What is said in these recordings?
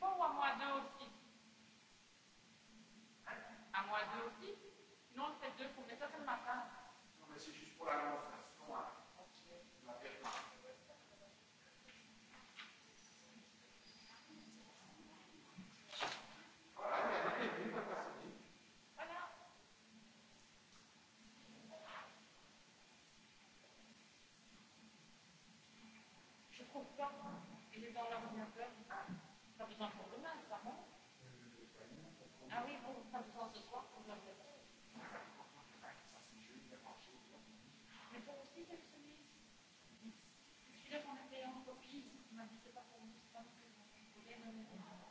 Pourquoi moi deux aussi Hein À moi deux aussi Non, c'est deux pour mettre ça le matin. Non, mais c'est juste pour la démonstration. Hein. Ok. La permanence. Je trouve ça les impôts demain, ça remonte. Ah oui, vous, pas besoin ce soir, vous l'avez fait. Mais pour aussi, c'est le semis. Celui-là qu'on a fait en copie, il m'a dit c'est pas pour nous, c'est pas nous que vous voulez, non, non, non.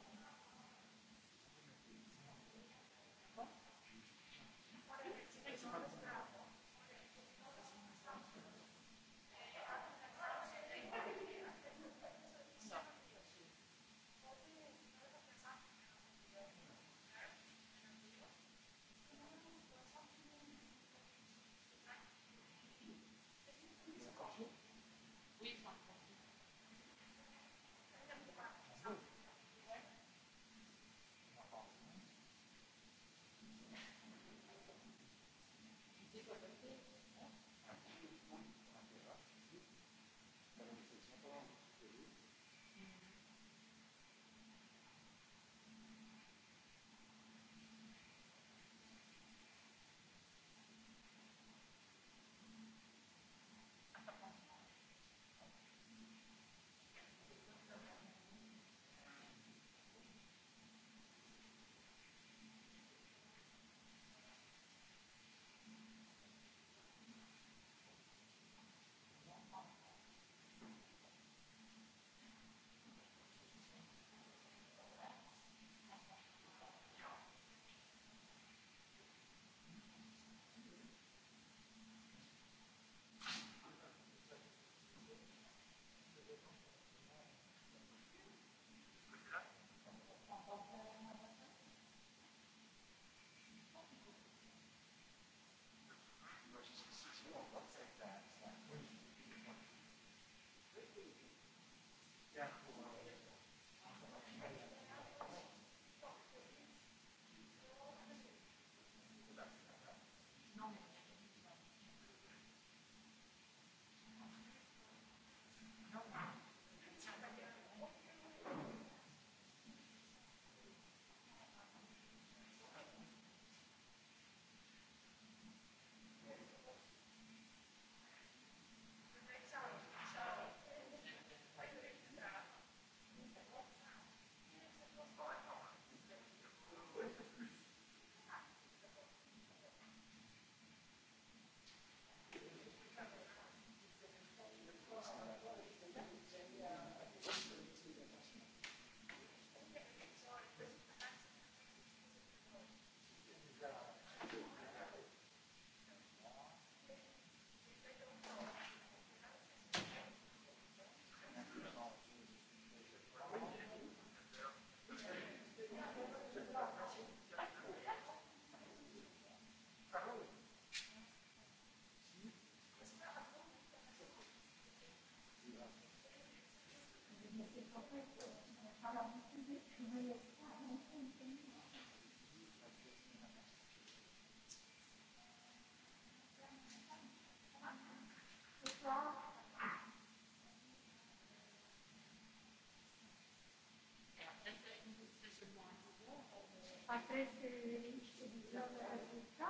après c'est, je te disais, avec ça.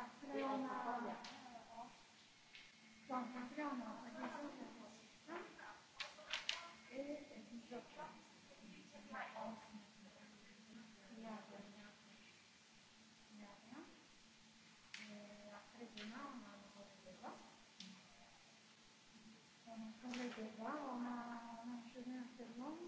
Après on a, donc après on a regardé le système et les autres. Il y a rien. Il y a rien. Et après demain on a un gros débat. On a un gros débat, on a, on a enchaîné un peu de monde.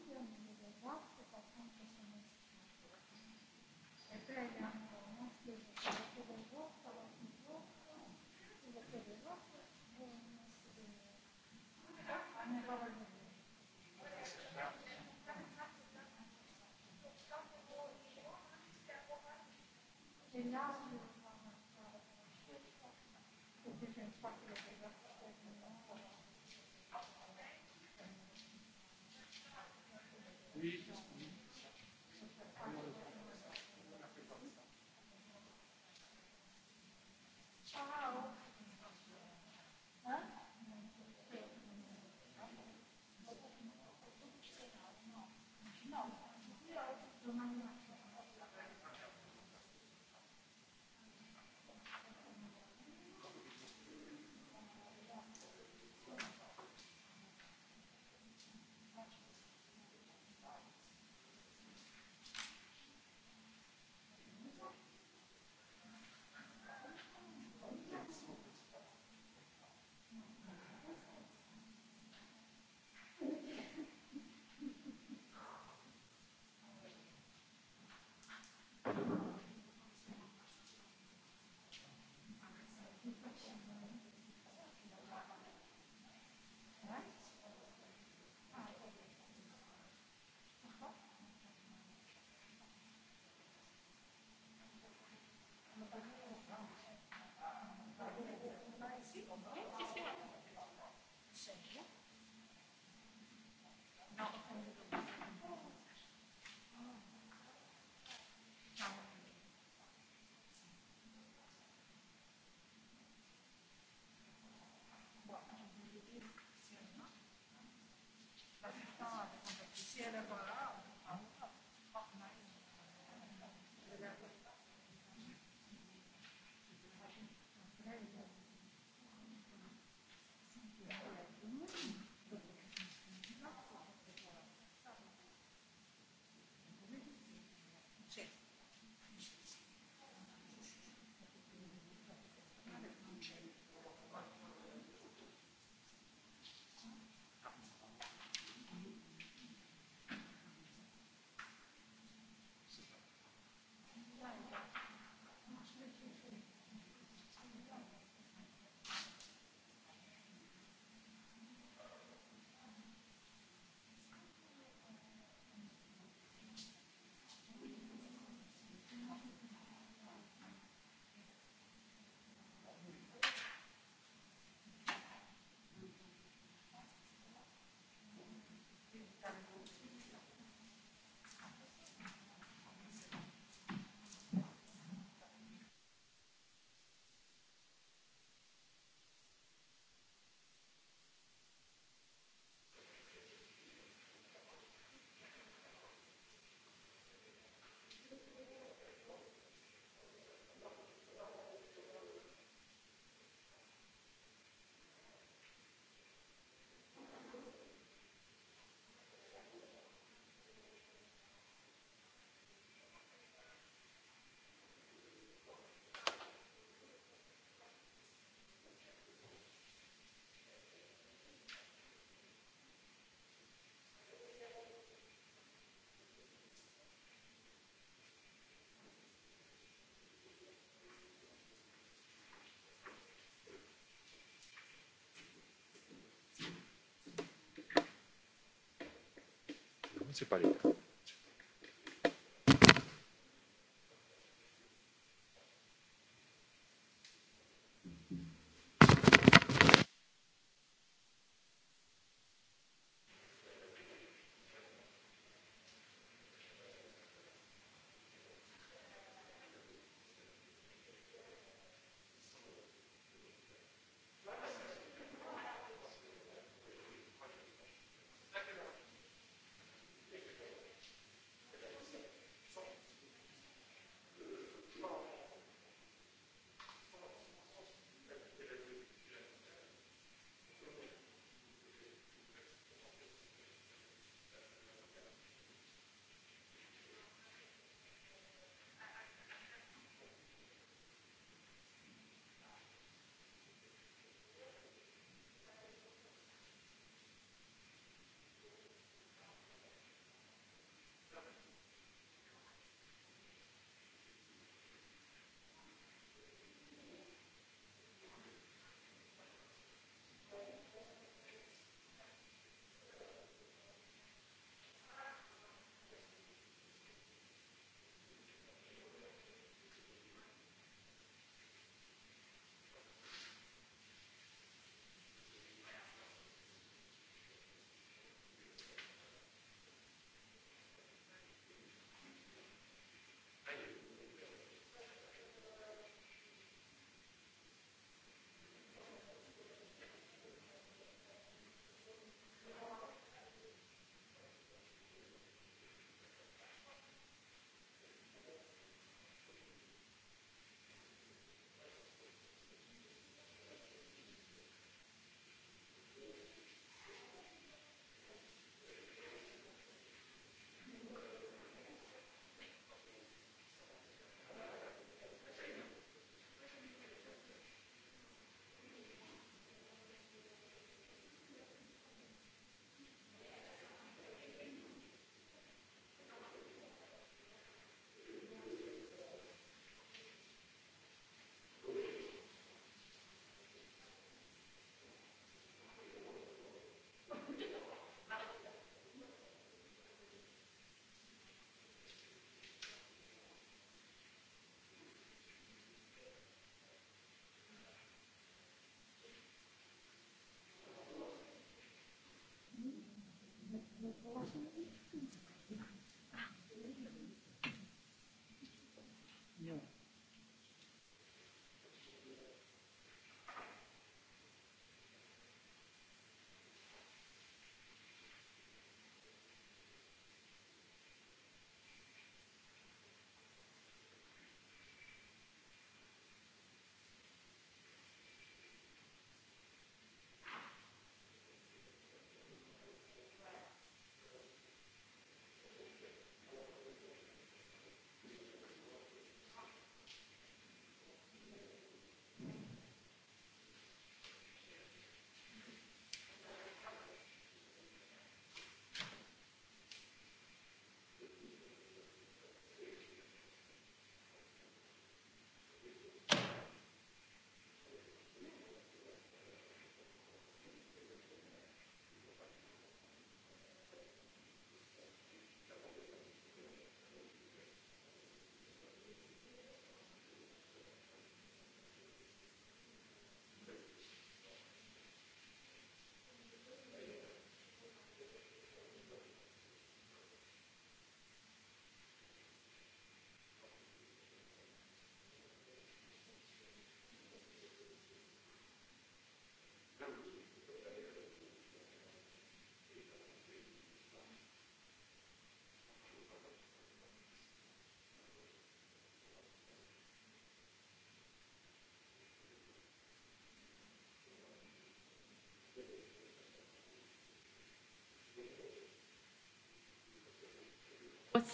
municipalidad.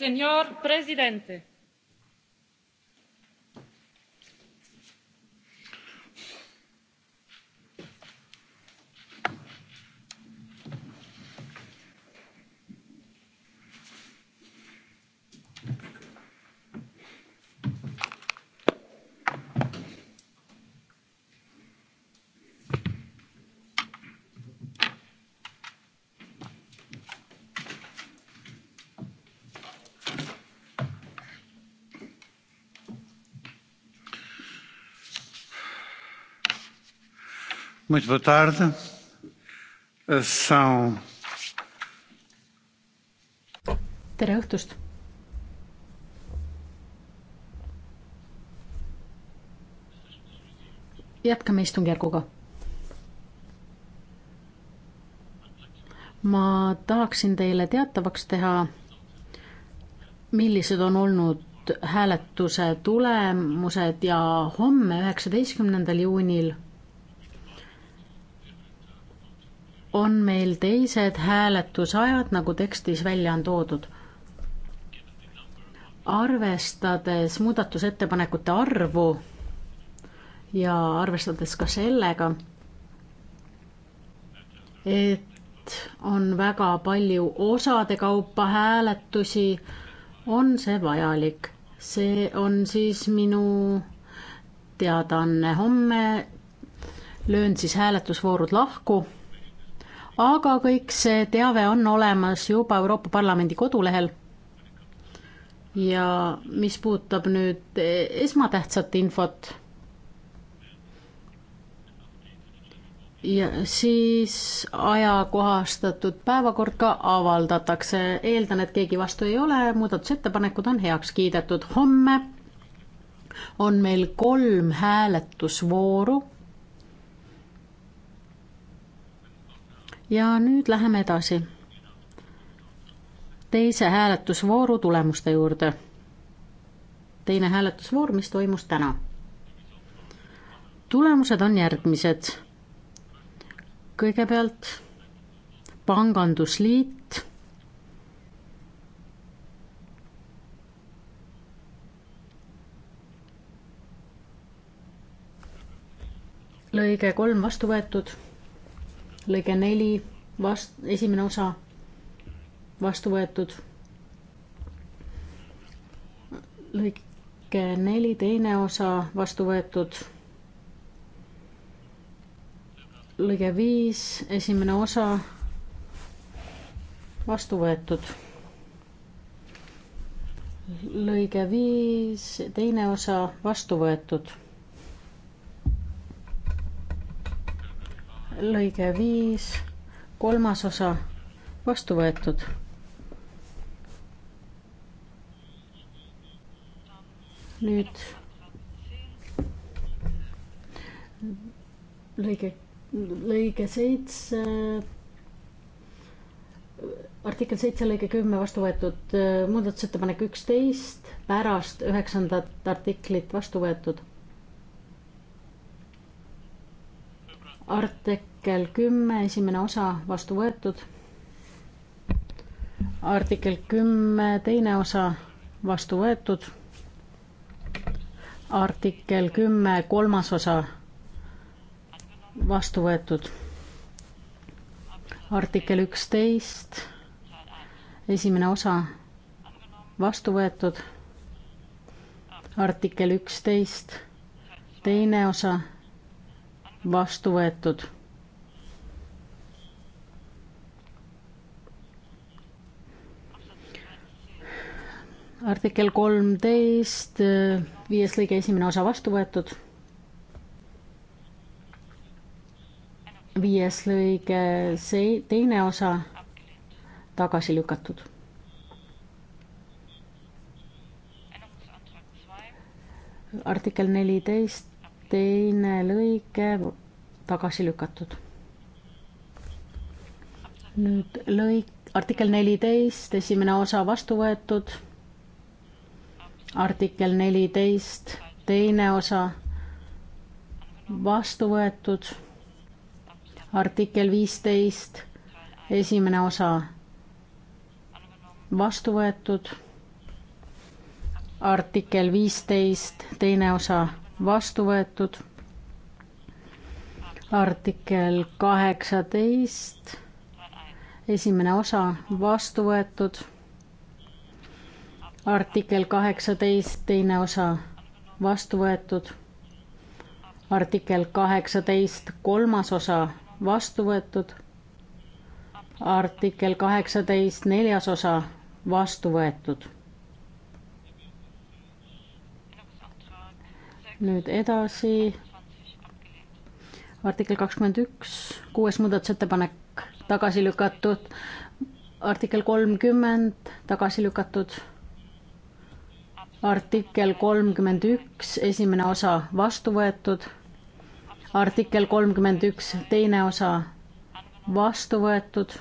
señor presidente Muito boa tarde. São. tere õhtust. jätkame istungjärguga. ma tahaksin teile teatavaks teha, millised on olnud hääletuse tulemused ja homme, üheksateistkümnendal juunil on meil teised hääletusajad, nagu tekstis välja on toodud. arvestades muudatusettepanekute arvu ja arvestades ka sellega, et on väga palju osade kaupa hääletusi, on see vajalik. see on siis minu teadaanne. homme löön siis hääletusvoorud lahku aga kõik see teave on olemas juba Euroopa Parlamendi kodulehel. ja mis puudutab nüüd esmatähtsat infot, ja siis ajakohastatud päevakord ka avaldatakse, eeldan, et keegi vastu ei ole, muudatusettepanekud on heaks kiidetud, homme on meil kolm hääletusvooru ja nüüd läheme edasi teise hääletusvooru tulemuste juurde. teine hääletusvoor, mis toimus täna. tulemused on järgmised. kõigepealt pangandusliit. lõige kolm vastu võetud lõige neli, vast-, esimene osa vastu võetud. lõike neli, teine osa vastu võetud. lõige viis, esimene osa vastu võetud. lõige viis, teine osa vastu võetud lõige viis, kolmas osa vastu võetud. nüüd lõige, lõige seitse, artikkel seitse lõige kümme vastu võetud, muudatusettepanek üksteist pärast üheksandat artiklit vastu võetud artikkel kümme, esimene osa vastu võetud. artikkel kümme, teine osa vastu võetud. artikkel kümme, kolmas osa vastu võetud. artikkel üksteist, esimene osa vastu võetud. artikkel üksteist, teine osa vastu võetud. artikkel kolmteist, viies lõige esimene osa vastu võetud. viies lõige, see teine osa tagasi lükatud artikkel neliteist, teine lõige tagasi lükatud. nüüd lõik, artikkel neliteist, esimene osa vastu võetud. artikkel neliteist, teine osa vastu võetud. artikkel viisteist, esimene osa vastu võetud. artikkel viisteist, teine osa vastu võetud. artikkel kaheksateist, esimene osa vastu võetud. artikkel kaheksateist, teine osa vastu võetud. artikkel kaheksateist, kolmas osa vastu võetud. artikkel kaheksateist, neljas osa vastu võetud nüüd edasi. artikkel kakskümmend üks, kuues muudatusettepanek tagasi lükatud. artikkel kolmkümmend tagasi lükatud. artikkel kolmkümmend üks, esimene osa vastu võetud. artikkel kolmkümmend üks, teine osa vastu võetud.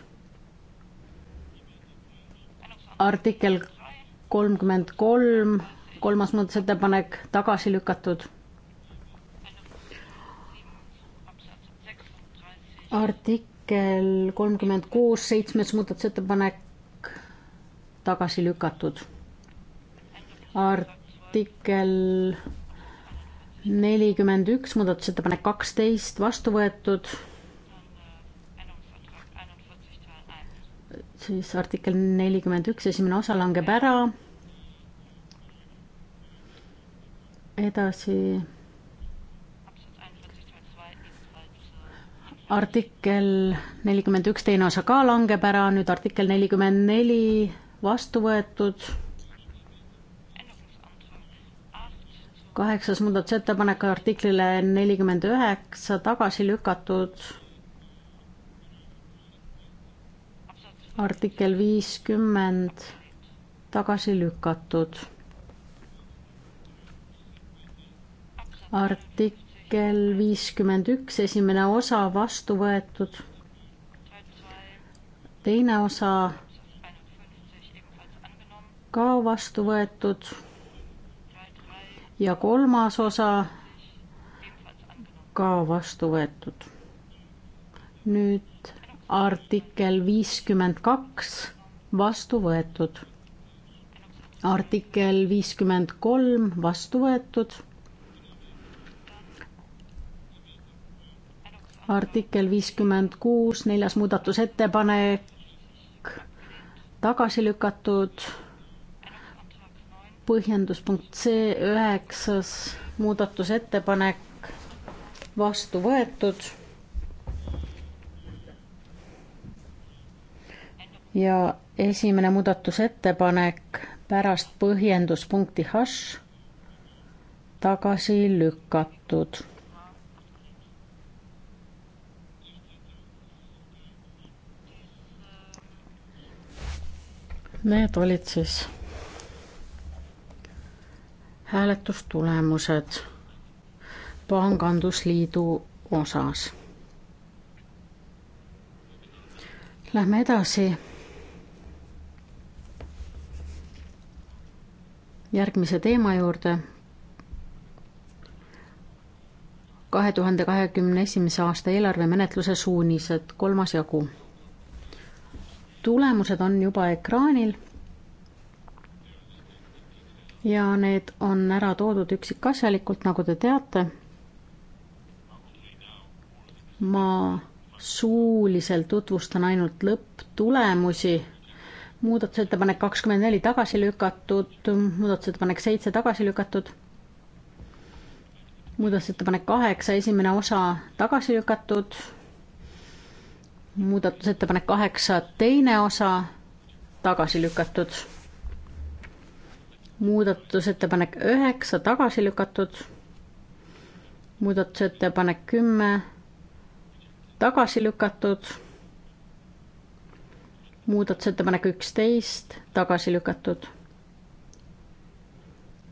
artikkel kolmkümmend kolm kolmas muudatusettepanek tagasi lükatud. artikkel kolmkümmend kuus, seitsmes muudatusettepanek tagasi lükatud. artikkel nelikümmend üks, muudatusettepanek kaksteist vastu võetud. siis artikkel nelikümmend üks, esimene osa langeb ära edasi artikkel nelikümmend üks teine osa ka langeb ära, nüüd artikkel nelikümmend neli vastu võetud. kaheksas muudatusettepanek artiklile nelikümmend üheksa tagasi lükatud. artikkel viiskümmend tagasi lükatud artikkel viiskümmend üks, esimene osa vastu võetud. teine osa ka vastu võetud. ja kolmas osa ka vastu võetud. nüüd artikkel viiskümmend kaks vastu võetud. artikkel viiskümmend kolm vastu võetud artikkel viiskümmend kuus, neljas muudatusettepanek tagasi lükatud. põhjendus punkt C üheksas muudatusettepanek vastu võetud. ja esimene muudatusettepanek pärast põhjenduspunkti H tagasi lükatud Need olid siis hääletustulemused pangandusliidu osas. Lähme edasi. järgmise teema juurde. kahe tuhande kahekümne esimese aasta eelarvemenetluse suunised, kolmas jagu tulemused on juba ekraanil. ja need on ära toodud üksikasjalikult, nagu te teate. ma suuliselt tutvustan ainult lõpptulemusi muudatusettepanek kakskümmend neli tagasi lükatud, muudatusettepanek seitse tagasi lükatud, muudatusettepanek kaheksa esimene osa tagasi lükatud, muudatusettepanek kaheksa teine osa tagasi lükatud. muudatusettepanek üheksa tagasi lükatud. muudatusettepanek kümme tagasi lükatud. muudatusettepanek üksteist tagasi lükatud.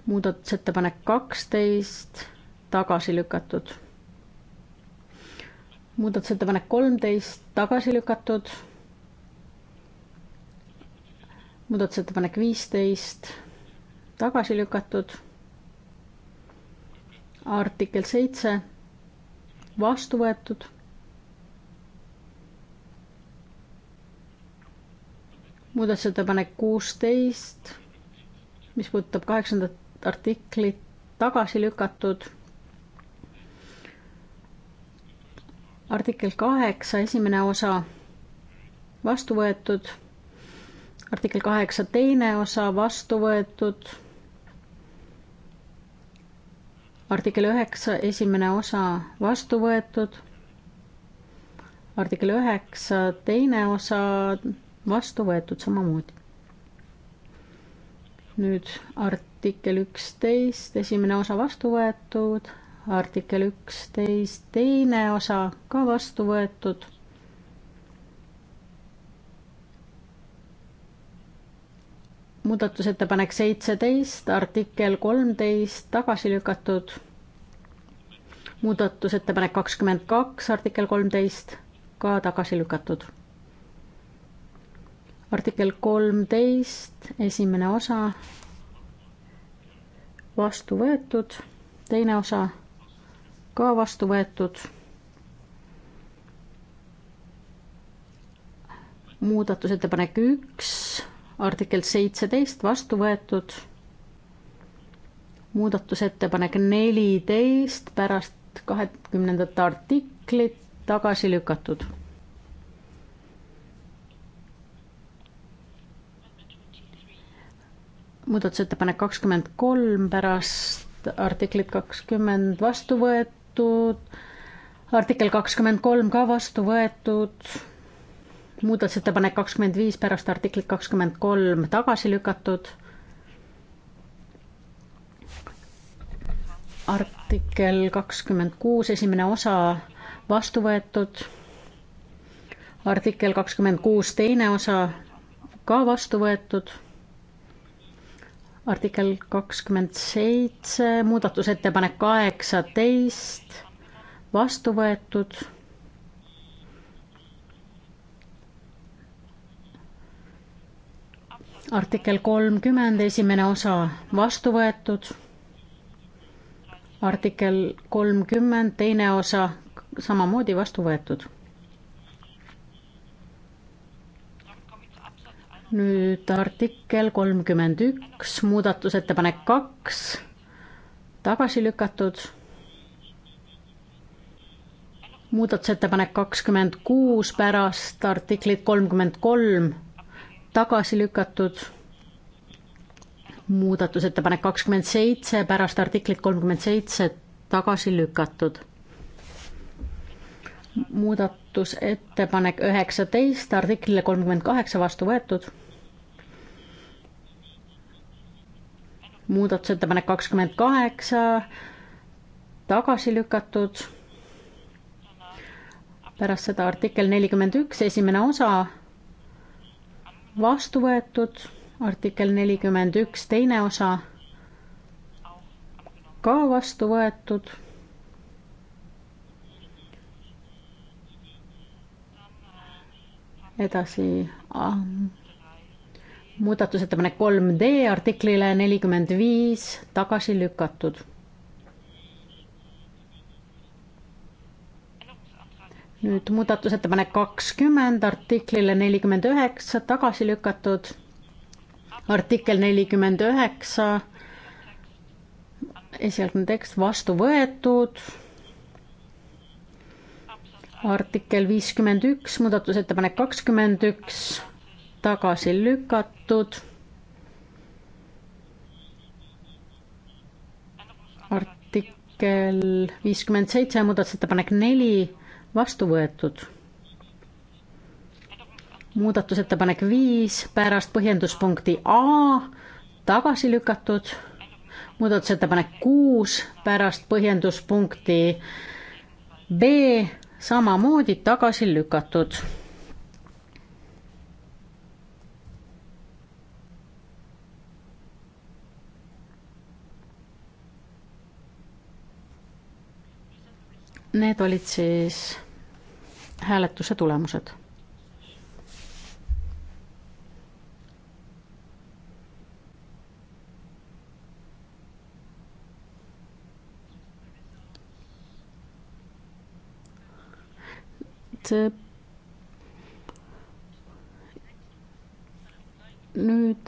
muudatusettepanek kaksteist tagasi lükatud muudatusettepanek kolmteist tagasi lükatud. muudatusettepanek viisteist tagasi lükatud. artikkel seitse vastu võetud. muudatusettepanek kuusteist, mis puudutab kaheksandat artiklit, tagasi lükatud artikkel kaheksa, esimene osa vastu võetud. artikkel kaheksa teine osa vastu võetud. artikkel üheksa esimene osa vastu võetud. artikkel üheksa teine osa vastu võetud samamoodi. nüüd artikkel üksteist esimene osa vastu võetud artikkel üksteist teine osa ka vastu võetud. muudatusettepanek seitseteist, artikkel kolmteist tagasi lükatud. muudatusettepanek kakskümmend kaks, artikkel kolmteist ka tagasi lükatud. artikkel kolmteist, esimene osa vastu võetud, teine osa ka vastu võetud. muudatusettepanek üks, artikkel seitseteist vastu võetud. muudatusettepanek neliteist pärast kahekümnendat artiklit tagasi lükatud muudatusettepanek kakskümmend kolm pärast artiklit kakskümmend vastu võetud, võetud, artikkel kakskümmend kolm ka vastu võetud, muudatusettepanek kakskümmend viis pärast artiklit kakskümmend kolm tagasi lükatud. artikkel kakskümmend kuus esimene osa vastu võetud artikkel kakskümmend kuus teine osa ka vastu võetud artikkel kakskümmend seitse, muudatusettepanek kaheksateist, vastu võetud. artikkel kolmkümmend, esimene osa, vastu võetud. artikkel kolmkümmend, teine osa, samamoodi vastu võetud nüüd artikkel kolmkümmend üks, muudatusettepanek kaks, tagasi lükatud. muudatusettepanek kakskümmend kuus pärast artiklit kolmkümmend kolm, tagasi lükatud muudatusettepanek kakskümmend seitse pärast artiklit kolmkümmend seitse tagasi lükatud muudatusettepanek üheksateist artiklile kolmkümmend kaheksa vastu võetud. muudatusettepanek kakskümmend kaheksa tagasi lükatud. pärast seda artikkel nelikümmend üks, esimene osa vastu võetud, artikkel nelikümmend üks, teine osa ka vastu võetud edasi muudatusettepanek kolm D artiklile nelikümmend viis tagasi lükatud. nüüd muudatusettepanek kakskümmend artiklile nelikümmend üheksa tagasi lükatud. artikkel nelikümmend üheksa, esialgne tekst vastu võetud artikkel viiskümmend üks, muudatusettepanek kakskümmend üks, tagasi lükatud. artikkel viiskümmend seitse, muudatusettepanek neli, vastu võetud muudatusettepanek viis pärast põhjenduspunkti A tagasi lükatud, muudatusettepanek kuus pärast põhjenduspunkti B samamoodi tagasi lükatud. Need olid siis hääletuse tulemused nüüd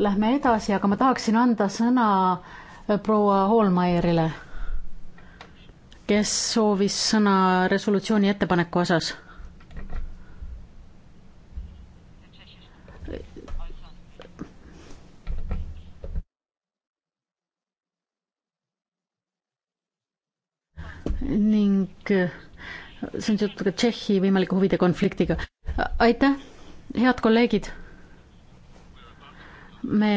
lähme edasi, aga ma tahaksin anda sõna äh, proua Hoolmeierile, kes soovis sõna resolutsiooni ettepaneku osas. ning äh, see on seotud ka Tšehhi võimaliku huvide konfliktiga. aitäh, head kolleegid. me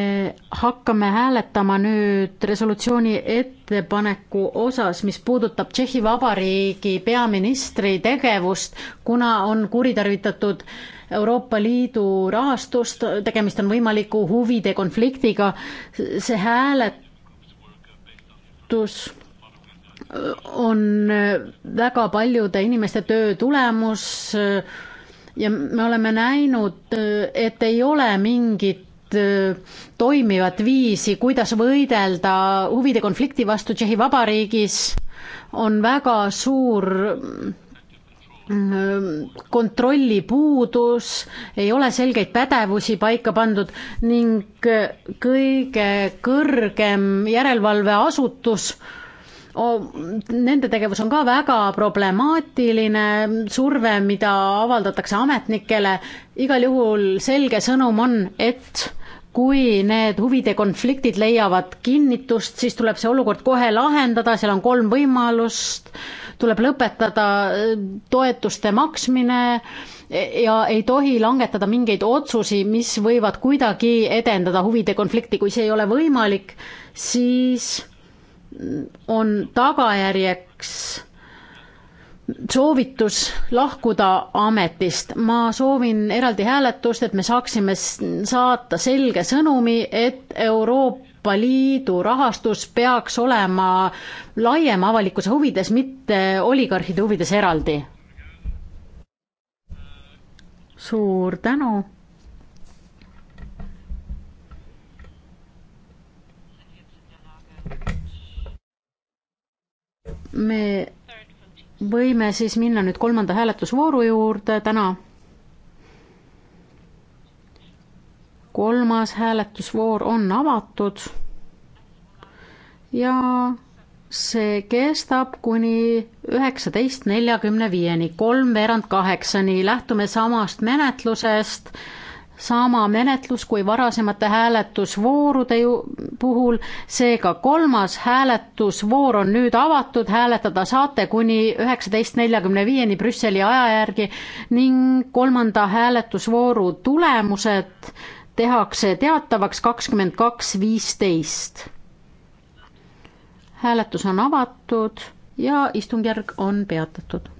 hakkame hääletama nüüd resolutsiooni ettepaneku osas, mis puudutab Tšehhi Vabariigi peaministri tegevust, kuna on kuritarvitatud Euroopa Liidu rahastust, tegemist on võimaliku huvide konfliktiga, see hääletus on väga paljude inimeste töö tulemus ja me oleme näinud, et ei ole mingit toimivat viisi, kuidas võidelda huvide konflikti vastu Tšehhi Vabariigis, on väga suur mm, kontrolli puudus, ei ole selgeid pädevusi paika pandud ning kõige kõrgem järelevalveasutus nende tegevus on ka väga problemaatiline, surve, mida avaldatakse ametnikele, igal juhul selge sõnum on, et kui need huvide konfliktid leiavad kinnitust, siis tuleb see olukord kohe lahendada, seal on kolm võimalust, tuleb lõpetada äh, toetuste maksmine e, ja ei tohi langetada mingeid otsusi, mis võivad kuidagi edendada huvide konflikti, kui see ei ole võimalik, siis on tagajärjeks soovitus lahkuda ametist. ma soovin eraldi hääletust, et me saaksime saata selge sõnumi, et Euroopa Liidu rahastus peaks olema laiema avalikkuse huvides, mitte oligarhide huvides eraldi. suur tänu me võime siis minna nüüd kolmanda hääletusvooru juurde täna. kolmas hääletusvoor on avatud ja see kestab kuni üheksateist neljakümne viieni, kolmveerand kaheksani, lähtume samast menetlusest sama menetlus kui varasemate hääletusvoorude puhul, seega kolmas hääletusvoor on nüüd avatud, hääletada saate kuni üheksateist neljakümne viieni Brüsseli aja järgi ning kolmanda hääletusvooru tulemused tehakse teatavaks kakskümmend kaks viisteist. hääletus on avatud ja istungjärg on peatatud.